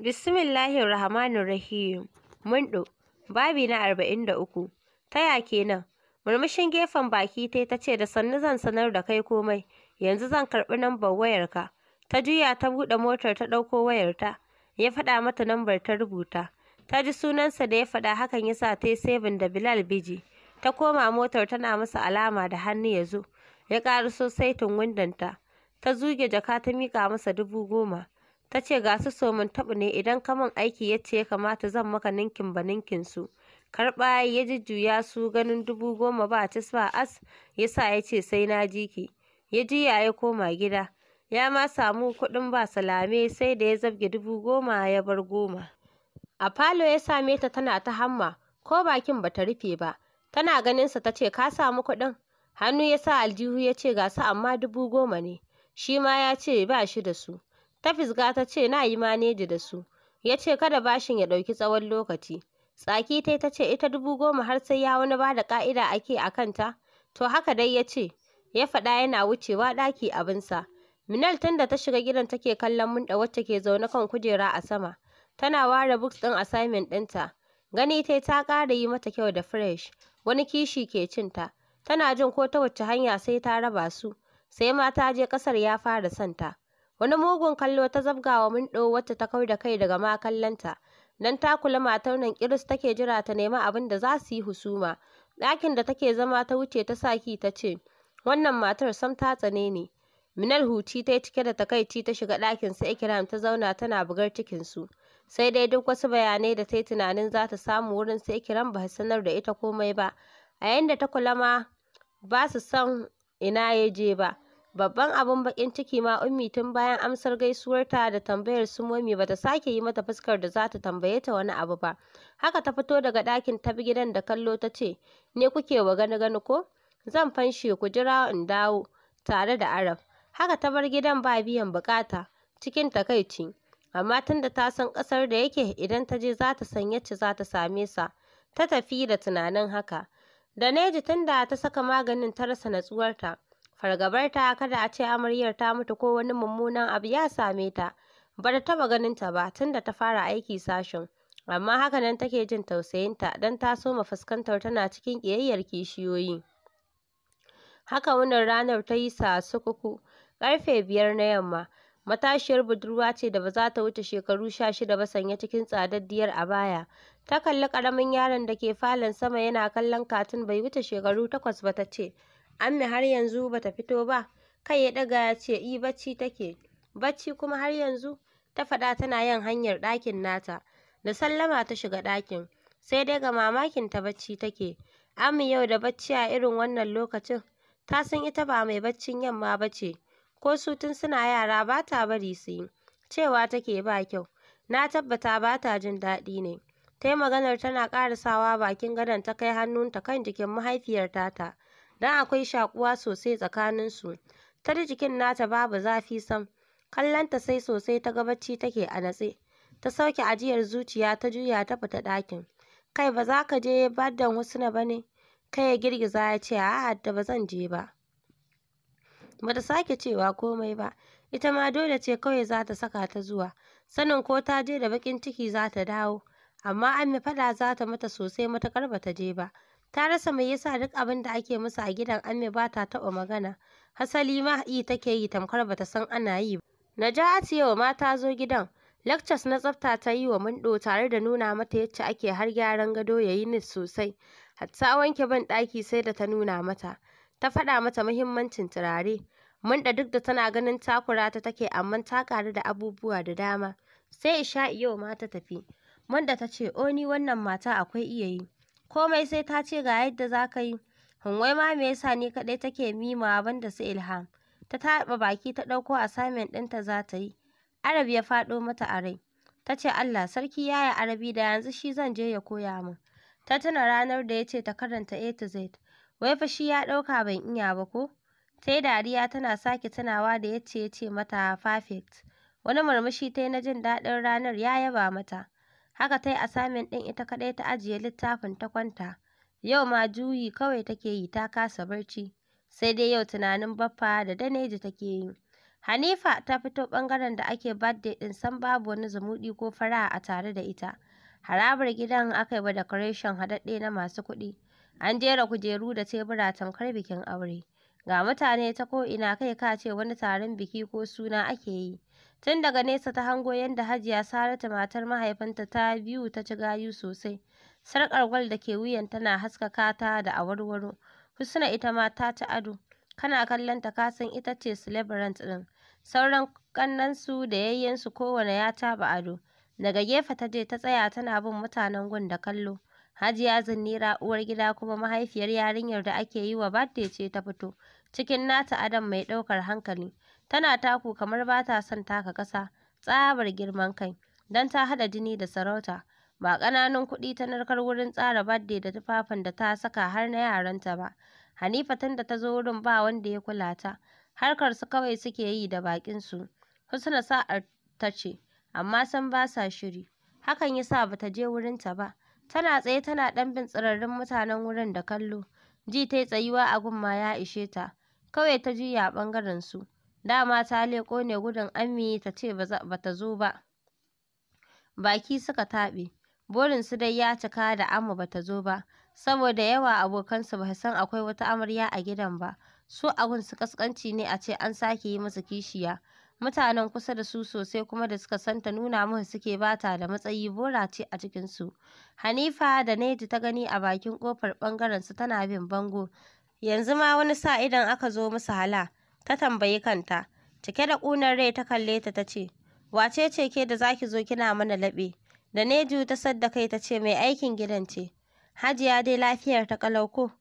Bismillahir Rahmanir Rahim. Mundo, babi na 43. Taya kenan? Murmushin gefen baki tai ta ce da sannu zan sanar da kai komai. Yanzu zan karɓi nambar wayarka. Ta juya ta buɗe motar ta ɗauko wayarta. Ya faɗa mata nambar ta rubuta. Ta ji sunansa da ya faɗa hakan yasa sa ta yi da Bilal Biji. Ta koma motar tana masa alama da hannu ya zo. Ya ƙara sosai tun windanta. Ta zuge jaka ta mika masa dubu goma. ta ce ga su somin taɓu ne idan kaman aiki yace ya kamata zan maka ninkin ba ninkin su karɓa ya jujjuya su ganin dubu goma ba ta sa as ya sa ya ce sai na ji ya juya ya koma gida ya ma samu kuɗin ba salame sai da ya zabge dubu goma ya bar goma a falo ya same ta tana ta hamma ko bakin ba ta rufe ba tana ganinsa ta ce ka samu kuɗin hannu ya sa aljihu ya ce ga su amma dubu goma ne shi ma ya ce ba shi da su Ta fisga ta ce na yi maneji da su. Ya ce kada bashin ya ɗauki tsawon lokaci. Tsaki tai ta ce ita dubu goma har sai ya wani bada ka'ida ƙa'ida ake a kanta. To haka dai ya ce. Ya faɗa yana wucewa ɗaki abinsa. Minal tun da ta shiga gidan take kallon munda wacce ke zaune kan kujera a sama. Tana ware buks ɗin assignment ɗinta. Gani tai ta ƙara yi mata kyau da fresh. Wani kishi ke cin ta. Tana jin ko ta wacce hanya sai ta raba su. Sai ma ta je ƙasar ya fara santa. wani mugun kallo ta zabga zabgawa mundo wacce ta kau da kai daga makallanta, kallanta dan ta kula matar nan kiris take jira ta nemi abin da za su yi husuma ɗakin da take zama ta wuce ta saki ta ce wannan matar sam ta tsane ne minal huci ta yi cike da takaici ta shiga ɗakin su ikiram ta zauna tana bugar cikin su sai dai duk wasu bayanai da ta yi tunanin za ta samu wurin su ikiram ba sanar da ita komai ba a yayin ta kula ma ba su san ina ya je ba Babban abin bakin ciki ma Ummi tun bayan amsar gaisuwarta da tambayar su Momi bata sake yi mata fuskar da za ta tambaye ta wani abu ba. Haka ta fito daga ɗakin ta gidan da kallo ta ce, "Ne kuke wa gani gani ko? Zan fanshe ku jira in dawo tare da Arab." Haka ta bar gidan ba biyan bukata cikin takaici. Amma tunda ta san ƙasar da yake idan ta je za ta san yacce za ta same sa, ta tafi da tunanin haka. Da Neji tunda ta saka maganin ta rasa natsuwarta. fargabarta kada a ce amaryar ta mutu ko wani mummunan abu ya same ta ba ta taɓa ganin ta ba tun da ta fara aiki sashen amma haka nan take jin tausayinta don ta soma fuskantar tana cikin ƙiyayyar kishiyoyi haka wannan ranar ta yi sukuku ƙarfe biyar na yamma matashiyar budurwa ce da ba za ta wuce shekaru sha shida ba sanye cikin tsadaddiyar a baya. ta kalli ƙaramin yaron da ke falon sama yana kallon katin bai wuce shekaru takwas ba ta ce Ammi har yanzu bata fito ba? Kai ya ɗaga ya ce i bacci take. Bacci kuma har yanzu? Ta faɗa tana yin hanyar ɗakin nata. Da sallama ta shiga ɗakin. Sai dai ga mamakin ta bacci take. Ammi yau da bacci a irin wannan lokacin. Ta san ita ba mai baccin yamma ba ce. Ko su tun suna yara ba ta bari su yi. Cewa take ba kyau. Na tabbata ba ta jin daɗi ne. Ta maganar tana ƙarisawa bakin gadon ta kai hannunta kan jikin mahaifiyar tata. don akwai shakuwa sosai tsakaninsu tar jikin nata babu zafi sam kallonta sai sosai ta ga bacci take a natse ta sauke ajiyar zuciya ta juya ta fita ɗakin kai ba za ka je baddan husna ba ne kai ya girgiza ya ce a, da ba zan je ba ba ta sake cewa komai ba ita ma dole ce kawai za ta saka ta zuwa sanin ko ta je da bakin ciki za ta dawo amma an mi faɗa za ta mata sosai matakar ba ta je ba ta rasa mai yasa duk abin da ake musu a gidan amme ba ta taɓa magana hasali ma yi take yi tamkar bata san ana yi ba Najati yau ma ta zo gidan lectures na tsafta ta yi wa mundo tare da nuna mata yacce ake har gyaran gado ya yi nit sosai hatta wanke ban ɗaki sai da ta nuna mata ta faɗa mata muhimmancin turare Munda duk da tana ganin takura ta take amma ta ƙaru da abubuwa da dama sai isha'i yau ma ta tafi Munda ta ce o ni wannan mata akwai iya yi komai sai ta ce ga yadda za ka yi Hauwai ma me yasa ni kaɗai take mimawa banda su Ilham ta taɓa baki ta ɗauko assignment ɗinta za ta yi Arab ya faɗo mata a rai ta ce Allah sarki ya yi Arabi da yanzu shi zan je ya koya min ta tuna ranar da ya ce ta karanta A to Z wai fa shi ya ɗauka ban iya ba ko sai dariya tana sake tunawa da yace ya ce mata perfect wani murmushi ta yi na jin daɗin ranar ya yaba mata Haka ta yi asamin ɗin ita kaɗai ta ajiye littafin ta kwanta. Yau ma juyi kawai take yi ta kasa barci, sai dai yau tunanin Baffa da Daneji take yi. Hanifa ta fito ɓangaren da ake birthday ɗin sam babu wani zumuɗi ko faraha a tare da ita. Harabar gidan aka yi wa decoration haɗaɗɗe na masu kuɗi. An jera kujeru da tebura tamkar bikin aure. Ga mutane ta ko'ina kai ka ce wani taron biki ko suna ake yi. Tun daga nesa ta hango yadda Hajiya Saratu matar mahaifinta ta biyu ta ci gayu sosai. Sarƙar gwal da ke wuyan tana haskaka ta da awarwaro. Husna ita ma ta ci ado. Kana kallon ta kasan ita ce celebrant ɗin. Sauran ƙannansu da yayyensu kowane ya taɓa ado. Daga gefe ta je ta tsaya tana bin mutanen gun da kallo. Hajiya Zinnira uwar gida kuma mahaifiyar yarinyar da ake yi wa birthday ce ta fito, cikin nata adon mai ɗaukar hankali. tana taku kamar ba ta son taka ƙasa tsabar girman kai don ta haɗa jini da sarauta ba ƙananun kuɗi ta narkar wurin tsara badde da tufafin da ta saka har na yaranta ba hanifa tun da ta zo wurin ba wanda ya kula ta harkar su kawai suke yi da bakin su husna sa'ar ta ce amma san ba sa shiri hakan ya sa bata je wurin ta ba tana tsaye tana ɗan bin tsirarrun mutanen wurin da kallo ji ta yi tsayuwa a gumma ya ishe ta kawai ta juya ɓangaren su dama ta leƙo ne gudun ammi ta ce ba ta zo ba baki suka taɓe burinsu dai ya cika da amma ba ta zo ba saboda yawa abokansu ba san akwai wata amarya a gidan ba su abun su kaskanci ne a ce an sake yi musu kishiya mutanen kusa da su sosai kuma da suka santa nuna musu suke bata da matsayi bora ce a cikinsu hanifa da neji ta gani a bakin kofar bangaren su tana bin bango yanzu ma wani sa idan aka zo musu hala ta tambayi kanta cike da ƙunar rai ta kalle ta ta ce wace ce ke da zaki zo kina mana laɓe da neju ta sadda kai ta ce mai aikin gidan ce hajiya dai lafiyar ta kalau ko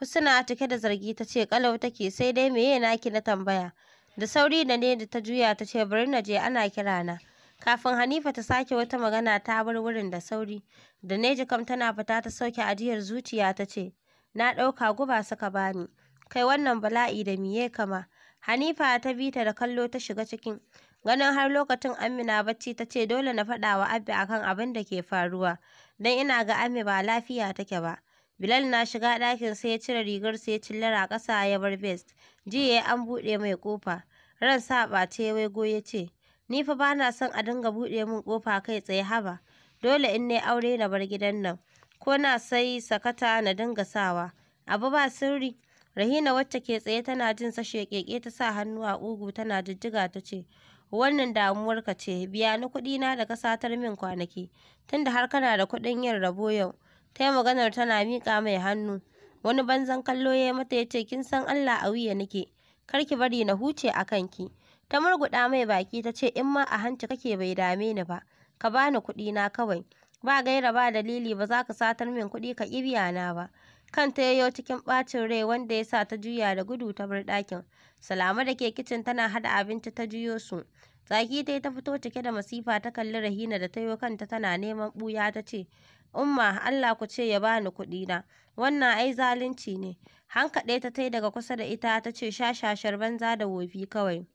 husna cike da zargi ta ce kalau take sai dai meye naki na tambaya da sauri da ne da ta juya ta ce bari na je ana kira na kafin hanifa ta sake wata magana ta bar wurin da sauri da neji kam tana fita ta sauke ajiyar zuciya ta ce na ɗauka guba suka bani kai wannan bala'i da miye kama Hanifa ta bi ta da kallo ta shiga cikin. Ganin har lokacin Amina bacci ta ce dole na faɗa wa Abba akan abin da ke faruwa, don ina ga Ami ba lafiya take ba. Bilal na shiga ɗakin sai ya cire rigar sai ya cillara ƙasa ya bar vest. Jiya ya an buɗe mai ƙofa. Ran sa ɓace waigo ya ce, Ni fa ba na son a dinga buɗe min ƙofa kai tsaye haba. Dole in na aure na bar gidan nan. Ko na sai sakata na dinga sawa. Abu ba sirri. Rahina wacce ke tsaye tana jin sashe keke ta sa hannu a ugu tana jijjiga ta ce wannan damuwarka ce biya ni kuɗi na da ka satar min kwanaki tunda har kana da kuɗin yin rabo yau ta yi maganar tana miƙa mai hannu wani banzan kallo ya mata ya ce kin san Allah a wuya nake kar ki bari na huce a kanki ta murguɗa mai baki ta ce in ma a hanci kake bai dame ni ba ka bani kuɗi na kawai ba gaira ba dalili ba za ka satar min kuɗi ka biya na ba kanta yayo cikin ɓacin rai wanda ya sa ta juya da gudu ta bar ɗakin salama da ke kicin tana hada abinci ta juyo su tsaki ta ta fito cike da masifa ta kalli rahina da ta yo kanta tana neman ɓuya ta ce umma allah ku ce ya bani kuɗi na wannan ai zalunci ne hankaɗe ta tai daga kusa da ita ta ce shashashar banza da wofi kawai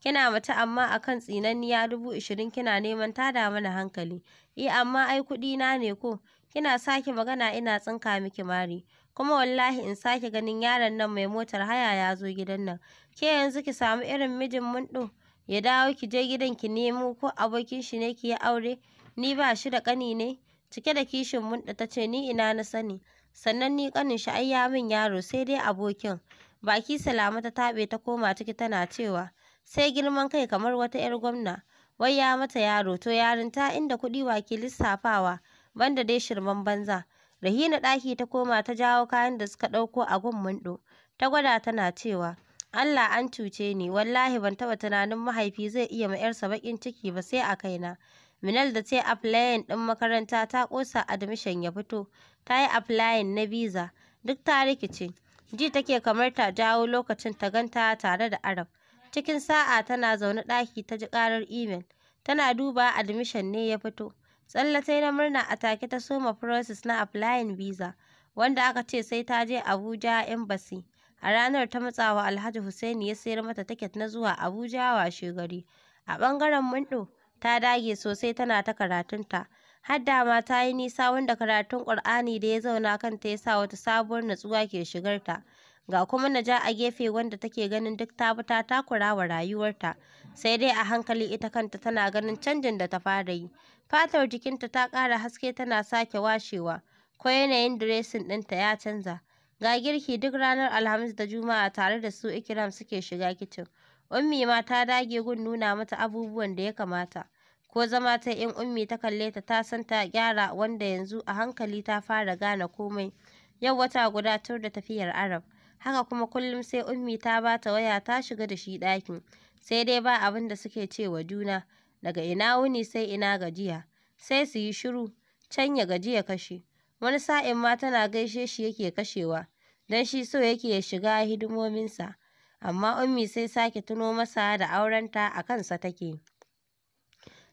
kina mace amma akan tsinanniya dubu ishirin kina neman tada mana hankali eh amma ai kuɗi na ne ko kina sake magana ina tsinka miki mari kuma wallahi in sake ganin yaron nan mai motar haya ya zo gidan nan ke yanzu ki samu irin mijin mun ya dawo ki je gidan ki nemo ko abokin shi ne ki yi aure ni ba shi da ƙani ne cike da kishin mun ta ce ni ina na sani sannan ni ƙanin shi ai ya min yaro sai dai abokin baki salama ta taɓe ta koma ciki tana cewa sai girman kai kamar wata 'yar gwamna wai ya mata yaro to yarinta inda kuɗi wa ke lissafawa banda dai shirman banza rahina ɗaki ta koma ta jawo kayan da suka ɗauko a gun mundo ta gwada tana cewa Allah an cuce ni wallahi ban taɓa tunanin mahaifi zai iya ma 'yarsa baƙin ciki ba sai a kaina Minal da ta yi ɗin makaranta ta ƙosa admission ya fito, ta yi applying na viza. duk ta rikice. Ji take kamar ta jawo lokacin ta ganta tare da Arab. Cikin sa'a tana zaune ɗaki ta ji karar imel. Tana duba admission ne ya fito. tsallatai na murna a take ta soma process na applying visa wanda aka ce sai ta je abuja embassy a ranar ta matsawa alhaji Hussaini ya sayar mata tiket na zuwa abuja washe gari a ɓangaren mundo ta dage sosai tana ta karatunta har da ma ta yi nisa wanda karatun ƙur'ani da ya zauna kanta ya sa wata sabuwar natsuwa ke shigarta ga kuma Naja a gefe wanda take ganin duk ta bi ta takura wa rayuwarta sai dai a hankali ita kanta tana ganin canjin da ta fara yi fatar jikinta ta ƙara haske tana sake washewa ko yanayin diresin ɗinta ya canza ga girki duk ranar alhamis da juma'a tare da su ikiram suke shiga kicin ummi ma ta dage gun nuna mata abubuwan da ya kamata ko zama ta in ummi ta kalle ta ta san ta gyara wanda yanzu a hankali ta fara gane komai yau wata guda tun da tafiyar arab haka kuma kullum sai ummi ta ba ta waya ta shiga da shi ɗakin sai dai ba abin da suke ce wa juna daga ina wuni sai ina gajiya sai su yi shiru can ya gaji ya kashe wani sa'in ma tana gaishe shi yake kashewa don shi so yake ya shiga hidimominsa amma ummi sai sake tuno masa da aurenta a kansa take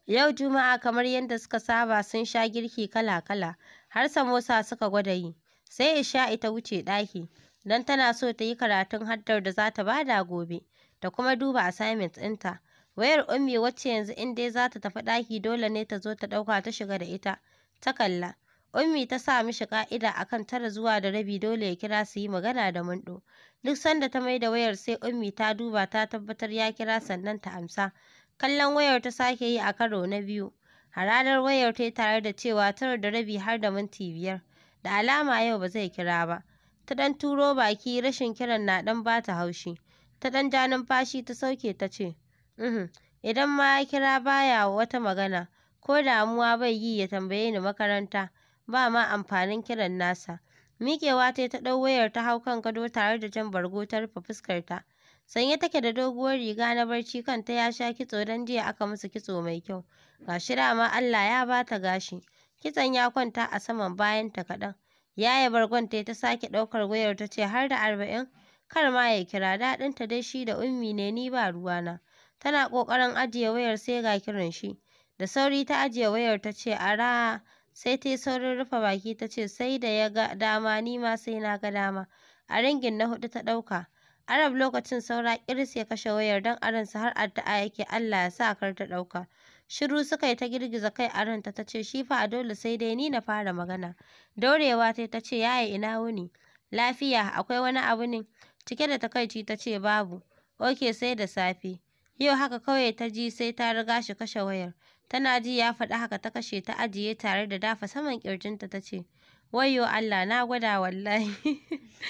yau juma'a kamar yadda suka saba sun sha girki kala-kala har samosa suka gwada yi sai isha'i ta wuce ɗaki don tana so ta yi karatun haddar da za ta bada gobe da kuma duba assignment ɗinta. Wayar Ummi wacce yanzu in dai za ta tafi ɗaki dole ne ta zo ta ɗauka ta shiga da ita, ta kalla. Ummi ta sa mishi ka'ida a kan tara zuwa da rabi dole ya kira su yi magana da Mundo. Duk sanda ta mai da wayar sai Ummi ta duba ta tabbatar ya kira sannan ta amsa. Kallon wayar ta sake yi a karo na biyu. ranar wayar ta yi tare da cewa tara da rabi har da minti biyar. Da alama yau ba zai kira ba. ta ɗan turo baki rashin kiran na ɗan bata haushi ta ɗan ja numfashi ta sauke ta ce uhm, idan ma ya kira baya wata magana ko damuwa bai yi ya tambaye ni makaranta ba ma amfanin kiran nasa miƙewa ta ta ɗau wayar ta hau kan gado tare da jan bargo ta rufe fuskar ta sanye take da doguwar riga na barci kanta ya sha kitso don jiya aka musu kitso mai kyau gashi dama Allah ya bata gashi kitson ya kwanta a saman bayanta kaɗan Yaya bargon ta ta sake ɗaukar wayar ta ce har da arba'in kar ma ya kira ta dai shi da ummi ne ni ba ruwa na' Tana ƙoƙarin ajiye wayar sai ga kiran shi. Da sauri ta ajiye wayar ta ce ara sai ta yi saurin rufe baki ta ce sai da ya ga dama ni ma sai na ga dama. A ringin na hudu ta ɗauka. Arab lokacin saura ƙirs ya kashe wayar don aransa har addu'a yake Allah ya sa kar ta ɗauka. Shiru suka yi ta girgiza kai a ranta ta ce shi fa a dole sai dai ni na fara magana. Daurewa ta ta ce yaya ina wuni? Lafiya akwai wani abu ne? Cike da takaici ta ce babu. Oke sai da safe. Yau haka kawai ta ji sai ta riga shi kashe wayar. Tana ji ya faɗi haka ta kashe ta ajiye tare da dafa saman kirjinta ta ce wayo Allah na gwada wallahi.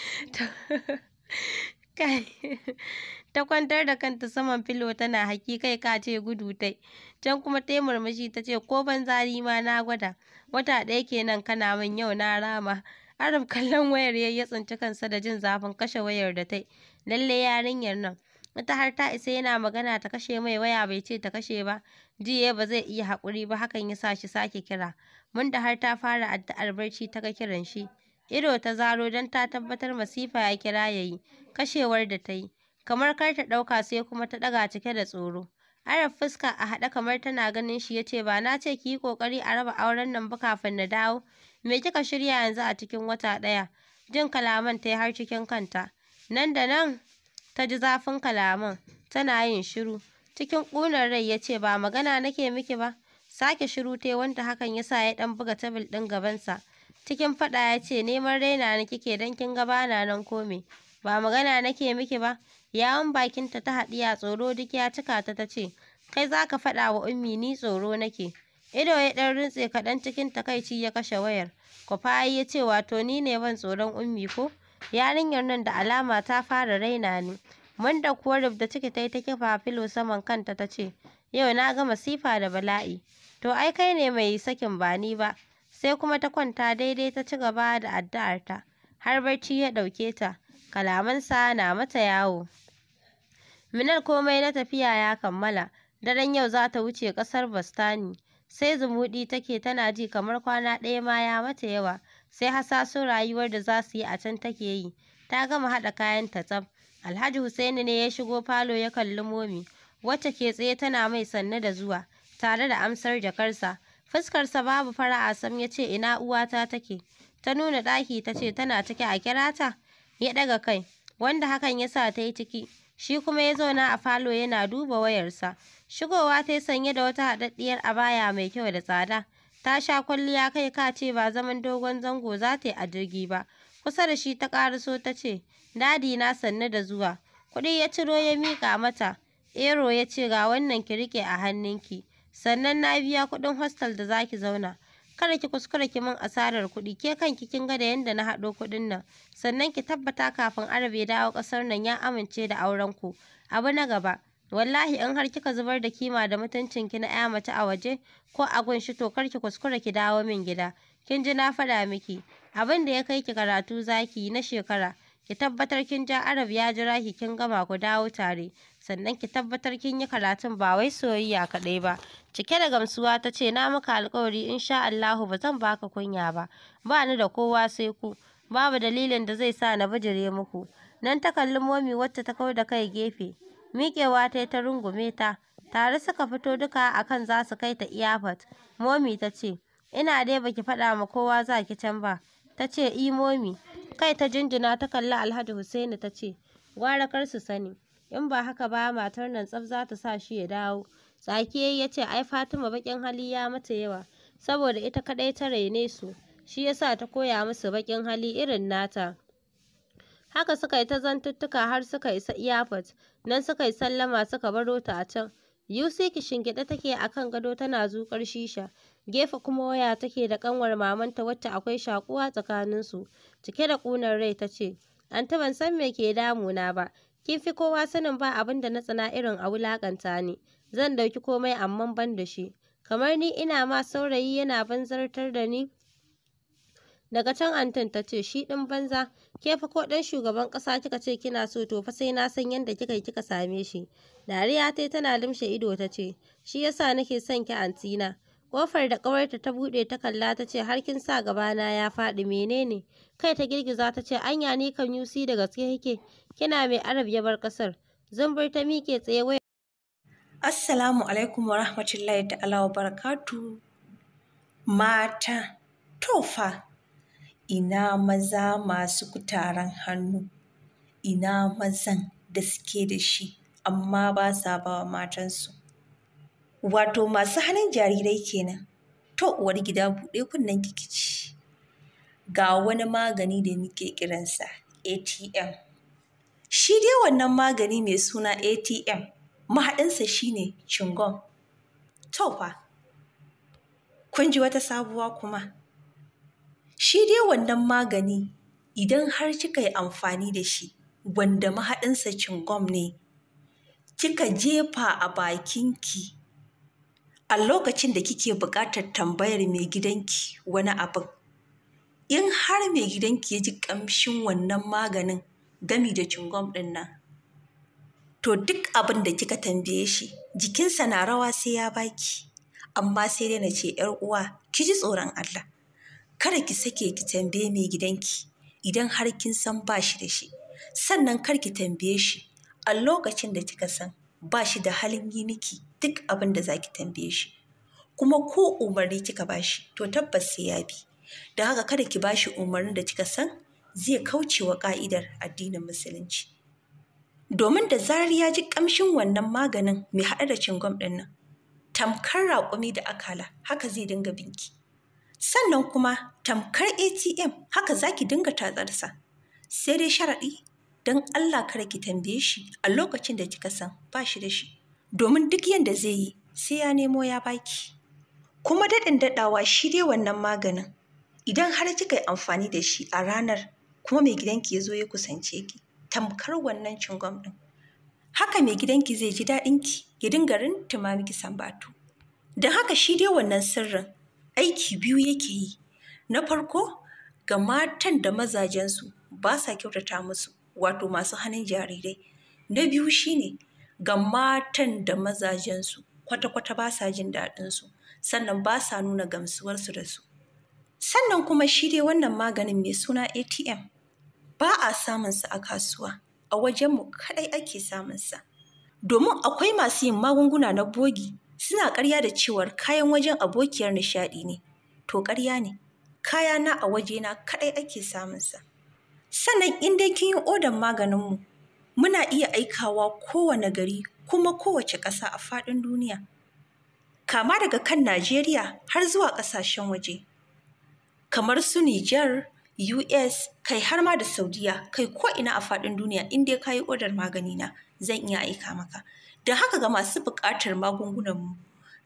ta kwantar da kanta saman filo tana haki kai ka ce gudu tai can kuma ta murmushi ta ce ko banzari ma na gwada wata ɗaya kenan kana min yau na rama arab kallon wayar ya tsinci kansa da jin zafin kashe wayar da tai lalle yarinyar nan wata har ta isa yana magana ta kashe mai waya bai ce ta kashe ba jiya ba zai iya haƙuri ba hakan ya sa shi sake kira mun da har ta fara addu'ar barci ta ga kiran shi ido ta zaro don ta tabbatar masifa ya kira ya yi kashewar da ta yi kamar kar ta ɗauka sai kuma ta ɗaga cike da tsoro arab fuska a haɗe kamar tana ganin shi ya ce ba na ce ki yi ƙoƙari a raba auren nan ba kafin na dawo me kika shirya yanzu a cikin wata ɗaya jin kalaman ta yi har cikin kanta nan da nan ta ji zafin kalaman tana yin shiru cikin ƙunar rai ya ce ba magana nake miki ba sake shiru ta yi wanda hakan ya sa ya ɗan buga tabil ɗin gabansa cikin faɗa ya ce neman raina na kike don kin ga bana nan ko me ba magana nake miki ba yawon bakinta ta haɗiya tsoro duk ya cika ta ta ce kai za ka faɗa wa ummi ni tsoro nake ido ya ɗan rintse kaɗan cikin takaici ya kashe wayar kwafayi ya ce wato ni ne ban tsoron ummi ko yarinyar nan da alama ta fara raina ni Manda kuwa rubda ciki ta yi ta kifa filo saman kanta ta ce, Yau na ga masifa da bala'i, to ai kai ne mai sakin ba ni ba, sai kuma ta kwanta daidai ta ci gaba da addu'arta har barci ya ɗauke ta kalamansa na mata yawo minal komai na tafiya ya kammala daren yau za ta wuce ƙasar bastani sai zumuɗi take tana ji kamar kwana ɗaya ma ya mata yawa sai hasasun rayuwar da za su yi a can take yi ta gama haɗa kayan ta tsaf alhaji Hussaini ne ya shigo falo ya kalli momi wacce ke tsaye tana mai sanne da zuwa tare da amsar jakarsa fuskarsa babu fara'a sam ya ce ina uwata take ta nuna ɗaki ta ce tana take a kira ta ya ɗaga kai wanda hakan ya sa ta yi ciki shi kuma ya zauna a falo yana duba wayarsa shigowa ta yi sanye da wata haɗaɗɗiyar abaya mai kyau da tsada ta sha kwalliya kai ka ce ba zaman dogon zango za ta yi a jirgi ba kusa da shi ta ƙaraso ta ce dadi na sannu da zuwa kuɗi ya ciro ya miƙa mata ero ya ce ga wannan ki riƙe a hannunki sannan na biya kuɗin hostel da za ki zauna kada ki kuskura ki min asarar kuɗi ke kanki kin ga da yadda na haɗo kuɗin nan sannan ki tabbata kafin arabe dawo ƙasar nan ya amince da auren ku abu na gaba wallahi in har kika zubar da kima da mutuncin ki na ƴa mace a waje ko a gunshi to kar ki kuskura ki dawo min gida kin ji na faɗa miki abin da ya kai ki karatu zaki na shekara ki tabbatar kin ja arab ya jira ki kin gama ku dawo tare sannan ki tabbatar kin yi karatun ba wai soyayya kaɗai ba cike da gamsuwa ta ce na maka alkawari sha Allahu ba zan baka kunya ba ba ni da kowa sai ku babu dalilin da zai sa na bijire muku nan ta kalli momi wacce ta kawo da kai gefe miƙewa ta ta rungume ta tare suka fito duka akan za su kai ta iyafat momi ta ce ina dai baki faɗa ma kowa za ki can ba ta ce i momi kai ta jinjina ta kalli alhaji Hussaini ta ce gwara kar su sani in ba haka ba matar nan tsaf za ta sa shi ya dawo tsaki ya ce ai fatima baƙin hali ya mata yawa saboda ita kaɗai ta raine su shi yasa ta koya musu baƙin hali irin nata haka suka yi ta zantuttuka har suka isa iyafat nan suka yi sallama suka baro ta a can kishin gida take akan gado tana zuƙar shisha gefe kuma waya take da kanwar mamanta wacce akwai shakuwa tsakaninsu cike da ƙunar rai ta ce an ban san me ke damuna ba kin fi kowa sanin ba abin da na tsana irin a wulakanta ne zan ɗauki komai amma ban da shi kamar ni ina ma saurayi yana banzartar da ni daga can antin ta ce shi ɗin banza ke fa ko ɗan shugaban ƙasa kika ce kina so to fa sai na san yadda kika kika same shi dariya tai tana limshe ido ta ce shi yasa nake son ki antina kofar da ƙawarta ta buɗe ta kalla ta ce har kin sa gabana ya faɗi menene? Kai ta girgiza ta ce anya ni kan yusi da gaske yake kina mai arab ya bar ƙasar. Zumbur ta mike tsaye waya. Assalamu alaikum wa rahmatullahi ta'ala wa barakatu. Mata, tofa, ina maza masu kutaren hannu, ina mazan da suke da shi, amma ba sa ba wa matansu. wato masu hannun jarirai kenan to uwar gida buɗe kunnen kikici ga wani magani da muke kiransa atm shi dai wannan magani mai suna atm mahaɗinsa shine cingom to fa kun ji wata sabuwa kuma shi dai wannan magani idan har kika yi amfani da shi wanda mahaɗinsa cingom ne kika jefa a bakinki a lokacin da kike buƙatar tambayar mai gidanki wani abin in har mai gidanki ya ji ƙamshin wannan maganin gami da cingom ɗin nan to duk abin da kika tambaye shi jikinsa na rawa sai ya baki amma sai dai na ce ‘yar uwa ki ji tsoron Allah kada ki sake ki tambaye mai gidanki idan har kin san ba shi da shi sannan kar ki tambaye shi a lokacin da kika san ba shi da halin yi miki duk abin da zaki tambaye shi kuma ko umarni kika bashi to tabbas sai ya bi da haka kada ki bashi umarnin da kika san zai kauce wa ka'idar addinin musulunci domin da zarar ya ji kamshin wannan maganin mai haɗe da cingom ɗin nan tamkar raƙumi da akala haka zai dinga binki sannan kuma tamkar atm haka zaki ki dinga tatsarsa sai dai sharaɗi don allah kada ki tambaye shi a lokacin da kika san ba shi da shi domin duk yadda zai yi sai ya nemo ya baki kuma daɗin daɗawa shi dai wannan maganin idan har kika yi amfani da shi a ranar kuma mai gidanki ya zo ya kusance ki tamkar wannan cingom ɗin haka mai gidanki zai ji daɗinki ya dinga tumamin miki sambatu don haka shi dai wannan sirrin aiki biyu yake yi na farko ga matan da mazajensu ba sa kyautata musu wato masu hannun jarirai na biyu shine ga matan da mazajensu kwata-kwata ba sa jin daɗinsu sannan ba sa nuna gamsuwarsu da su. Sannan kuma shi dai wannan maganin mai suna ATM ba a samunsa a kasuwa, a wajenmu kaɗai ake samunsa. Domin akwai masu yin magunguna na bogi suna karya da cewar kayan wajen abokiyar nishaɗi ne, to karya ne, kayana a wajena kaɗai ake samunsa. Sannan in dai kin yi odan maganinmu, muna iya aikawa kowane gari kuma kowace ƙasa a faɗin duniya. Kama daga kan Najeriya har zuwa ƙasashen waje. Kamar su Nijar, US, kai har ma da Saudiya, kai ko ina a faɗin duniya in dai ka yi odar magani na zan iya aika maka. Da haka ga masu buƙatar magungunanmu mu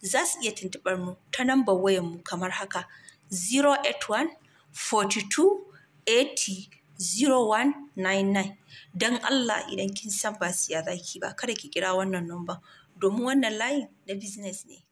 za su iya tuntuɓar mu ta nambar wayanmu kamar haka 081 42 80 0199 don Allah idan kin san ba siya zaki ba kada ki kira wannan number domin wannan layin na business ne.